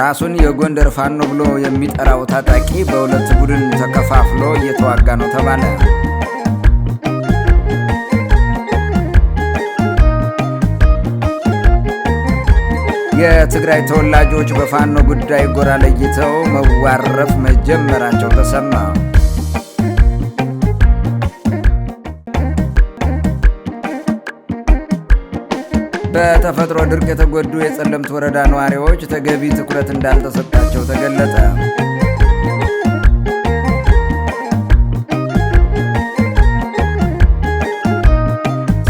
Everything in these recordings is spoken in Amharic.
ራሱን የጎንደር ፋኖ ብሎ የሚጠራው ታጣቂ በሁለት ቡድን ተከፋፍሎ እየተዋጋ ነው ተባለ። የትግራይ ተወላጆች በፋኖ ጉዳይ ጎራ ለይተው መዋረፍ መጀመራቸው ተሰማ። በተፈጥሮ ድርቅ የተጎዱ የጸለምት ወረዳ ነዋሪዎች ተገቢ ትኩረት እንዳልተሰጣቸው ተገለጸ።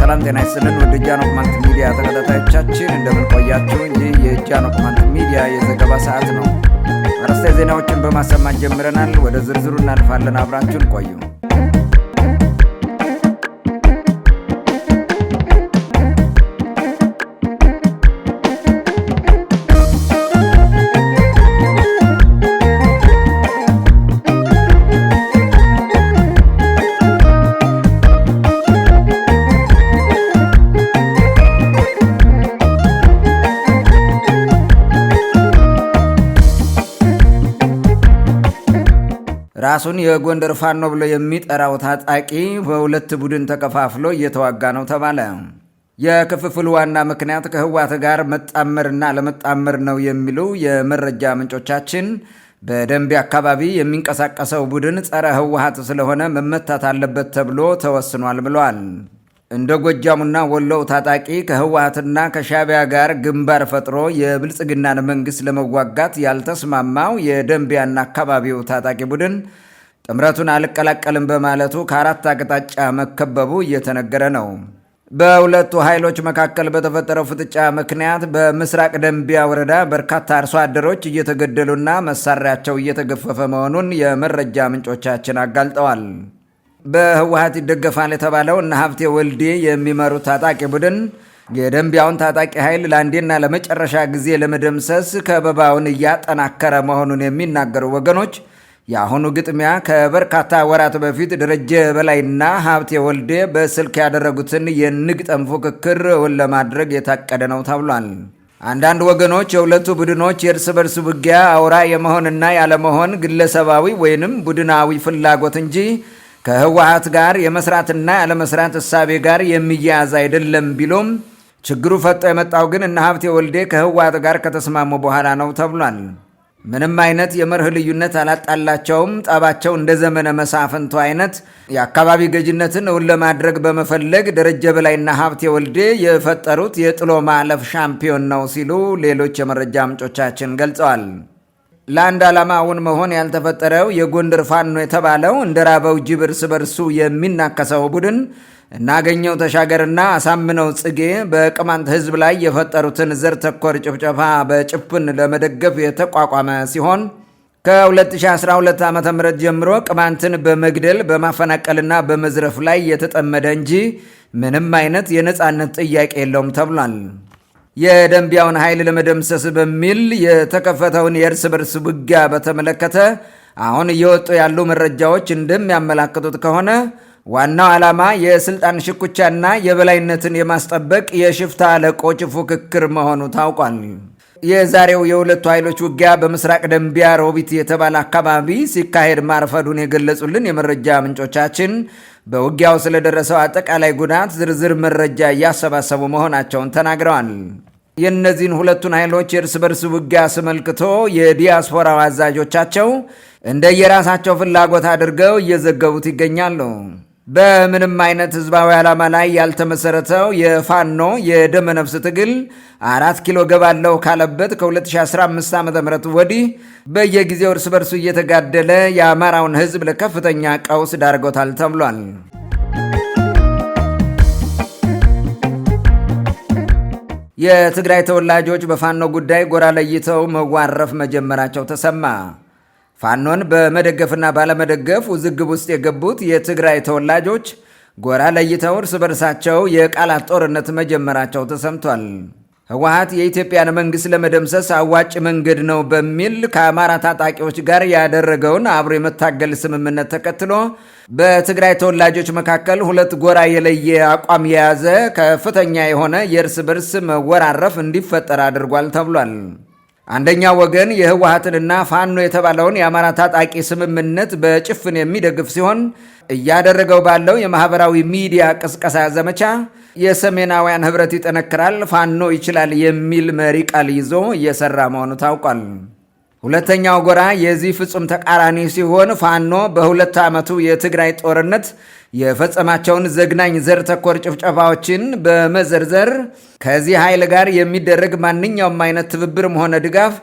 ሰላም ጤና ይስጥልን። ወደ ጃኖ ኮማንት ሚዲያ ተከታታዮቻችን እንደምንቆያቸው ይህ የጃኖ ኮማንት ሚዲያ የዘገባ ሰዓት ነው። አርዕስተ ዜናዎችን በማሰማት ጀምረናል። ወደ ዝርዝሩ እናልፋለን። አብራችሁን ቆዩም ራሱን የጎንደር ፋኖ ብሎ የሚጠራው ታጣቂ በሁለት ቡድን ተከፋፍሎ እየተዋጋ ነው ተባለ። የክፍፍሉ ዋና ምክንያት ከህዋት ጋር መጣመርና ለመጣመር ነው የሚሉ የመረጃ ምንጮቻችን በደንቢ አካባቢ የሚንቀሳቀሰው ቡድን ጸረ ህወሀት ስለሆነ መመታት አለበት ተብሎ ተወስኗል ብለዋል። እንደ ጎጃሙና ወሎው ታጣቂ ከህወሓትና ከሻቢያ ጋር ግንባር ፈጥሮ የብልጽግናን መንግሥት ለመዋጋት ያልተስማማው የደንቢያና አካባቢው ታጣቂ ቡድን ጥምረቱን አልቀላቀልም በማለቱ ከአራት አቅጣጫ መከበቡ እየተነገረ ነው። በሁለቱ ኃይሎች መካከል በተፈጠረው ፍጥጫ ምክንያት በምስራቅ ደንቢያ ወረዳ በርካታ አርሶ አደሮች እየተገደሉና መሳሪያቸው እየተገፈፈ መሆኑን የመረጃ ምንጮቻችን አጋልጠዋል። በህወሀት ይደገፋል የተባለው እነ ሀብቴ ወልዴ የሚመሩት ታጣቂ ቡድን የደንቢያውን ታጣቂ ኃይል ለአንዴና ለመጨረሻ ጊዜ ለመደምሰስ ከበባውን እያጠናከረ መሆኑን የሚናገሩ ወገኖች የአሁኑ ግጥሚያ ከበርካታ ወራት በፊት ደረጀ በላይና ሀብቴ ወልዴ በስልክ ያደረጉትን የንግጠም ፉክክር ለማድረግ የታቀደ ነው ተብሏል። አንዳንድ ወገኖች የሁለቱ ቡድኖች የእርስ በርስ ውጊያ አውራ የመሆንና ያለመሆን ግለሰባዊ ወይንም ቡድናዊ ፍላጎት እንጂ ከህወሀት ጋር የመስራትና ያለመስራት እሳቤ ጋር የሚያያዝ አይደለም ቢሎም ችግሩ ፈጦ የመጣው ግን እነ ሀብቴ ወልዴ ከህወሀት ጋር ከተስማሙ በኋላ ነው ተብሏል። ምንም አይነት የመርህ ልዩነት አላጣላቸውም። ጠባቸው እንደ ዘመነ መሳፍንቱ አይነት የአካባቢ ገዥነትን እውን ለማድረግ በመፈለግ ደረጀ በላይና ሀብቴ ወልዴ የፈጠሩት የጥሎ ማለፍ ሻምፒዮን ነው ሲሉ ሌሎች የመረጃ ምንጮቻችን ገልጸዋል። ለአንድ ዓላማ ዓላማውን መሆን ያልተፈጠረው የጎንደር ፋኖ የተባለው እንደ ራበው ጅብ እርስ በርሱ የሚናከሰው ቡድን እናገኘው ተሻገርና አሳምነው ጽጌ በቅማንት ሕዝብ ላይ የፈጠሩትን ዘር ተኮር ጭፍጨፋ በጭፍን ለመደገፍ የተቋቋመ ሲሆን ከ2012 ዓ ም ጀምሮ ቅማንትን በመግደል በማፈናቀልና በመዝረፍ ላይ የተጠመደ እንጂ ምንም አይነት የነፃነት ጥያቄ የለውም ተብሏል። የደንቢያውን ኃይል ለመደምሰስ በሚል የተከፈተውን የእርስ በርስ ውጊያ በተመለከተ አሁን እየወጡ ያሉ መረጃዎች እንደሚያመላክቱት ከሆነ ዋናው ዓላማ የስልጣን ሽኩቻና የበላይነትን የማስጠበቅ የሽፍታ አለቆች ፉክክር መሆኑ ታውቋል። የዛሬው የሁለቱ ኃይሎች ውጊያ በምስራቅ ደንቢያ ሮቢት የተባለ አካባቢ ሲካሄድ ማርፈዱን የገለጹልን የመረጃ ምንጮቻችን በውጊያው ስለደረሰው አጠቃላይ ጉዳት ዝርዝር መረጃ እያሰባሰቡ መሆናቸውን ተናግረዋል። የእነዚህን ሁለቱን ኃይሎች የእርስ በርስ ውጊያ አስመልክቶ የዲያስፖራው አዛዦቻቸው እንደየራሳቸው ፍላጎት አድርገው እየዘገቡት ይገኛሉ። በምንም አይነት ህዝባዊ ዓላማ ላይ ያልተመሰረተው የፋኖ የደመ ነፍስ ትግል አራት ኪሎ ገባለው ካለበት ከ2015 ዓ ም ወዲህ በየጊዜው እርስ በርሱ እየተጋደለ የአማራውን ህዝብ ለከፍተኛ ቀውስ ዳርጎታል ተብሏል። የትግራይ ተወላጆች በፋኖ ጉዳይ ጎራ ለይተው መዋረፍ መጀመራቸው ተሰማ። ፋኖን በመደገፍና ባለመደገፍ ውዝግብ ውስጥ የገቡት የትግራይ ተወላጆች ጎራ ለይተው እርስ በርሳቸው የቃላት ጦርነት መጀመራቸው ተሰምቷል። ህወሀት የኢትዮጵያን መንግሥት ለመደምሰስ አዋጭ መንገድ ነው በሚል ከአማራ ታጣቂዎች ጋር ያደረገውን አብሮ የመታገል ስምምነት ተከትሎ በትግራይ ተወላጆች መካከል ሁለት ጎራ የለየ አቋም የያዘ ከፍተኛ የሆነ የእርስ በርስ መወራረፍ እንዲፈጠር አድርጓል ተብሏል። አንደኛ ወገን የህወሀትንና ፋኖ የተባለውን የአማራ ታጣቂ ስምምነት በጭፍን የሚደግፍ ሲሆን እያደረገው ባለው የማህበራዊ ሚዲያ ቅስቀሳ ዘመቻ የሰሜናውያን ህብረት ይጠነክራል፣ ፋኖ ይችላል የሚል መሪ ቃል ይዞ እየሰራ መሆኑ ታውቋል። ሁለተኛው ጎራ የዚህ ፍጹም ተቃራኒ ሲሆን ፋኖ በሁለት ዓመቱ የትግራይ ጦርነት የፈጸማቸውን ዘግናኝ ዘር ተኮር ጭፍጨፋዎችን በመዘርዘር ከዚህ ኃይል ጋር የሚደረግ ማንኛውም አይነት ትብብርም ሆነ ድጋፍ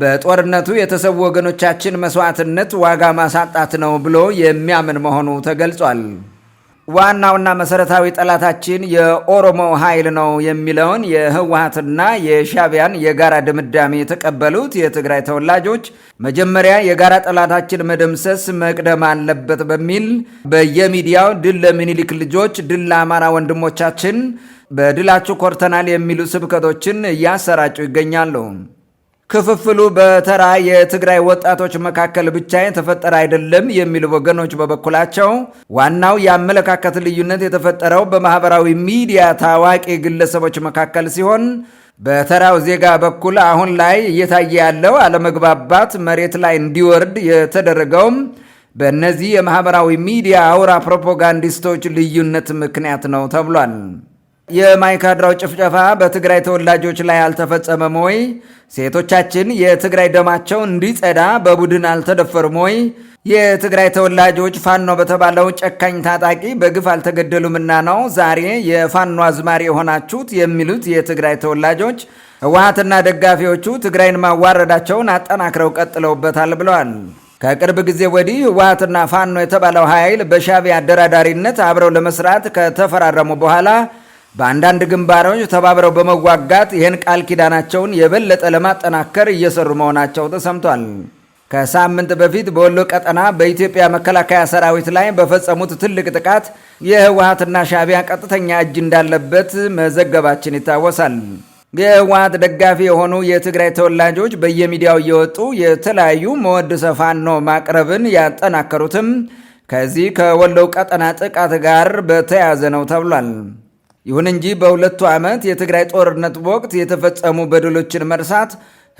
በጦርነቱ የተሰዉ ወገኖቻችን መስዋዕትነት ዋጋ ማሳጣት ነው ብሎ የሚያምን መሆኑ ተገልጿል። ዋናውና መሰረታዊ ጠላታችን የኦሮሞ ኃይል ነው የሚለውን የህወሀትና የሻቢያን የጋራ ድምዳሜ የተቀበሉት የትግራይ ተወላጆች መጀመሪያ የጋራ ጠላታችን መደምሰስ መቅደም አለበት በሚል በየሚዲያው ድል ለሚኒሊክ ልጆች፣ ድል ለአማራ ወንድሞቻችን፣ በድላችሁ ኮርተናል የሚሉ ስብከቶችን እያሰራጩ ይገኛሉ። ክፍፍሉ በተራ የትግራይ ወጣቶች መካከል ብቻ የተፈጠረ አይደለም የሚሉ ወገኖች በበኩላቸው ዋናው የአመለካከት ልዩነት የተፈጠረው በማህበራዊ ሚዲያ ታዋቂ ግለሰቦች መካከል ሲሆን በተራው ዜጋ በኩል አሁን ላይ እየታየ ያለው አለመግባባት መሬት ላይ እንዲወርድ የተደረገውም በእነዚህ የማህበራዊ ሚዲያ አውራ ፕሮፓጋንዲስቶች ልዩነት ምክንያት ነው ተብሏል። የማይካድራው ጭፍጨፋ በትግራይ ተወላጆች ላይ አልተፈጸመም ወይ? ሴቶቻችን የትግራይ ደማቸው እንዲጸዳ በቡድን አልተደፈሩም ወይ? የትግራይ ተወላጆች ፋኖ በተባለው ጨካኝ ታጣቂ በግፍ አልተገደሉምና ነው ዛሬ የፋኖ አዝማሪ የሆናችሁት የሚሉት የትግራይ ተወላጆች ህወሀትና ደጋፊዎቹ ትግራይን ማዋረዳቸውን አጠናክረው ቀጥለውበታል ብለዋል። ከቅርብ ጊዜ ወዲህ ህወሀትና ፋኖ የተባለው ኃይል በሻቢያ አደራዳሪነት አብረው ለመስራት ከተፈራረሙ በኋላ በአንዳንድ ግንባሮች ተባብረው በመዋጋት ይህን ቃል ኪዳናቸውን የበለጠ ለማጠናከር እየሰሩ መሆናቸው ተሰምቷል። ከሳምንት በፊት በወሎ ቀጠና በኢትዮጵያ መከላከያ ሰራዊት ላይ በፈጸሙት ትልቅ ጥቃት የህወሀትና ሻቢያ ቀጥተኛ እጅ እንዳለበት መዘገባችን ይታወሳል። የህወሀት ደጋፊ የሆኑ የትግራይ ተወላጆች በየሚዲያው እየወጡ የተለያዩ መወድሰ ፋኖ ማቅረብን ያጠናከሩትም ከዚህ ከወሎው ቀጠና ጥቃት ጋር በተያያዘ ነው ተብሏል። ይሁን እንጂ በሁለቱ ዓመት የትግራይ ጦርነት ወቅት የተፈጸሙ በደሎችን መርሳት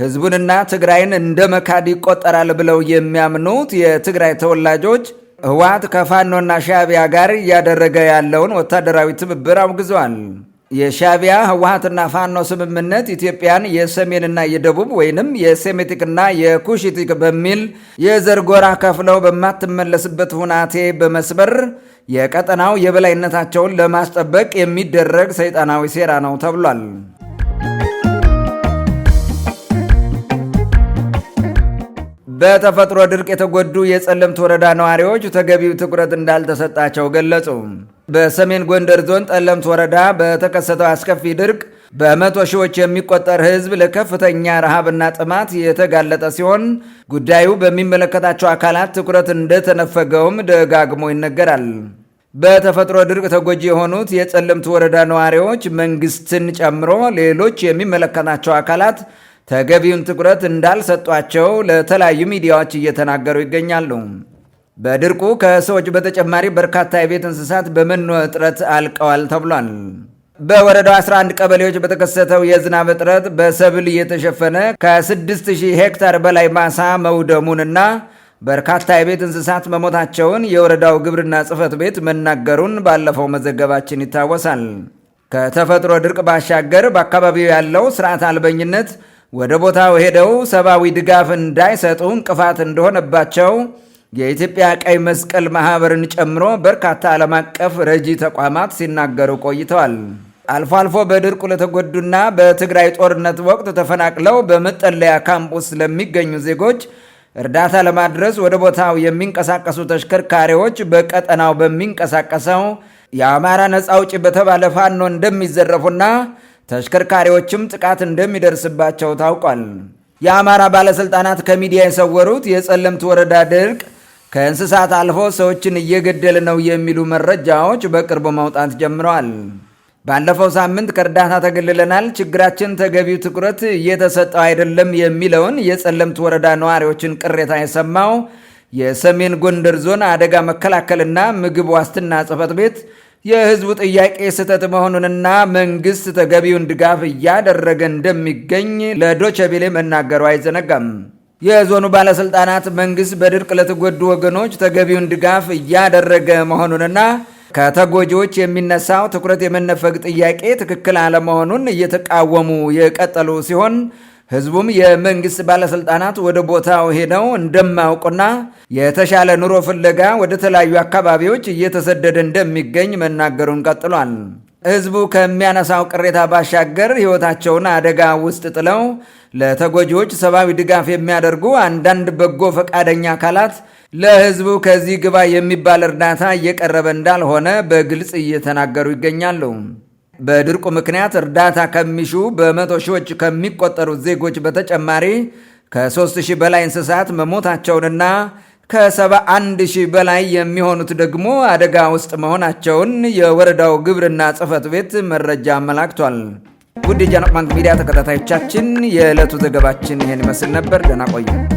ህዝቡንና ትግራይን እንደ መካድ ይቆጠራል ብለው የሚያምኑት የትግራይ ተወላጆች ህወሓት ከፋኖና ሻዕቢያ ጋር እያደረገ ያለውን ወታደራዊ ትብብር አውግዘዋል። የሻቢያ ህወሀትና ፋኖ ስምምነት ኢትዮጵያን የሰሜንና የደቡብ ወይንም የሴሜቲክና የኩሽቲክ በሚል የዘር ጎራ ከፍለው በማትመለስበት ሁናቴ በመስበር የቀጠናው የበላይነታቸውን ለማስጠበቅ የሚደረግ ሰይጣናዊ ሴራ ነው ተብሏል። በተፈጥሮ ድርቅ የተጎዱ የጸለምት ወረዳ ነዋሪዎች ተገቢው ትኩረት እንዳልተሰጣቸው ገለጹ። በሰሜን ጎንደር ዞን ጠለምት ወረዳ በተከሰተው አስከፊ ድርቅ በመቶ ሺዎች የሚቆጠር ሕዝብ ለከፍተኛ ረሃብና ጥማት የተጋለጠ ሲሆን ጉዳዩ በሚመለከታቸው አካላት ትኩረት እንደተነፈገውም ደጋግሞ ይነገራል። በተፈጥሮ ድርቅ ተጎጂ የሆኑት የጠለምት ወረዳ ነዋሪዎች መንግስትን ጨምሮ ሌሎች የሚመለከታቸው አካላት ተገቢውን ትኩረት እንዳልሰጧቸው ለተለያዩ ሚዲያዎች እየተናገሩ ይገኛሉ። በድርቁ ከሰዎች በተጨማሪ በርካታ የቤት እንስሳት በመኖ እጥረት አልቀዋል ተብሏል። በወረዳው 11 ቀበሌዎች በተከሰተው የዝናብ እጥረት በሰብል የተሸፈነ ከ6000 ሄክታር በላይ ማሳ መውደሙንና በርካታ የቤት እንስሳት መሞታቸውን የወረዳው ግብርና ጽሕፈት ቤት መናገሩን ባለፈው መዘገባችን ይታወሳል። ከተፈጥሮ ድርቅ ባሻገር በአካባቢው ያለው ስርዓት አልበኝነት ወደ ቦታው ሄደው ሰብአዊ ድጋፍ እንዳይሰጡ እንቅፋት እንደሆነባቸው የኢትዮጵያ ቀይ መስቀል ማህበርን ጨምሮ በርካታ ዓለም አቀፍ ረጂ ተቋማት ሲናገሩ ቆይተዋል። አልፎ አልፎ በድርቁ ለተጎዱና በትግራይ ጦርነት ወቅት ተፈናቅለው በመጠለያ ካምፕስ ለሚገኙ ዜጎች እርዳታ ለማድረስ ወደ ቦታው የሚንቀሳቀሱ ተሽከርካሪዎች በቀጠናው በሚንቀሳቀሰው የአማራ ነፃ አውጪ በተባለ ፋኖ እንደሚዘረፉና ተሽከርካሪዎችም ጥቃት እንደሚደርስባቸው ታውቋል። የአማራ ባለሥልጣናት ከሚዲያ የሰወሩት የጸለምት ወረዳ ድርቅ ከእንስሳት አልፎ ሰዎችን እየገደለ ነው የሚሉ መረጃዎች በቅርቡ መውጣት ጀምረዋል። ባለፈው ሳምንት ከእርዳታ ተገልለናል፣ ችግራችን ተገቢው ትኩረት እየተሰጠው አይደለም የሚለውን የጸለምት ወረዳ ነዋሪዎችን ቅሬታ የሰማው የሰሜን ጎንደር ዞን አደጋ መከላከልና ምግብ ዋስትና ጽሕፈት ቤት የሕዝቡ ጥያቄ ስህተት መሆኑንና መንግሥት ተገቢውን ድጋፍ እያደረገ እንደሚገኝ ለዶቸቤሌ መናገሩ አይዘነጋም። የዞኑ ባለስልጣናት መንግስት በድርቅ ለተጎዱ ወገኖች ተገቢውን ድጋፍ እያደረገ መሆኑንና ከተጎጂዎች የሚነሳው ትኩረት የመነፈግ ጥያቄ ትክክል አለመሆኑን እየተቃወሙ የቀጠሉ ሲሆን ህዝቡም የመንግስት ባለስልጣናት ወደ ቦታው ሄደው እንደማያውቁና የተሻለ ኑሮ ፍለጋ ወደ ተለያዩ አካባቢዎች እየተሰደደ እንደሚገኝ መናገሩን ቀጥሏል። ህዝቡ ከሚያነሳው ቅሬታ ባሻገር ህይወታቸውን አደጋ ውስጥ ጥለው ለተጎጂዎች ሰብአዊ ድጋፍ የሚያደርጉ አንዳንድ በጎ ፈቃደኛ አካላት ለህዝቡ ከዚህ ግባ የሚባል እርዳታ እየቀረበ እንዳልሆነ በግልጽ እየተናገሩ ይገኛሉ። በድርቁ ምክንያት እርዳታ ከሚሹ በመቶ ሺዎች ከሚቆጠሩት ዜጎች በተጨማሪ ከ3000 በላይ እንስሳት መሞታቸውንና ከሰባ አንድ ሺህ በላይ የሚሆኑት ደግሞ አደጋ ውስጥ መሆናቸውን የወረዳው ግብርና ጽሕፈት ቤት መረጃ አመላክቷል። ውድ የጃኖ ባንክ ሚዲያ ተከታታዮቻችን የዕለቱ ዘገባችን ይህን ይመስል ነበር። ደህና ቆዩ።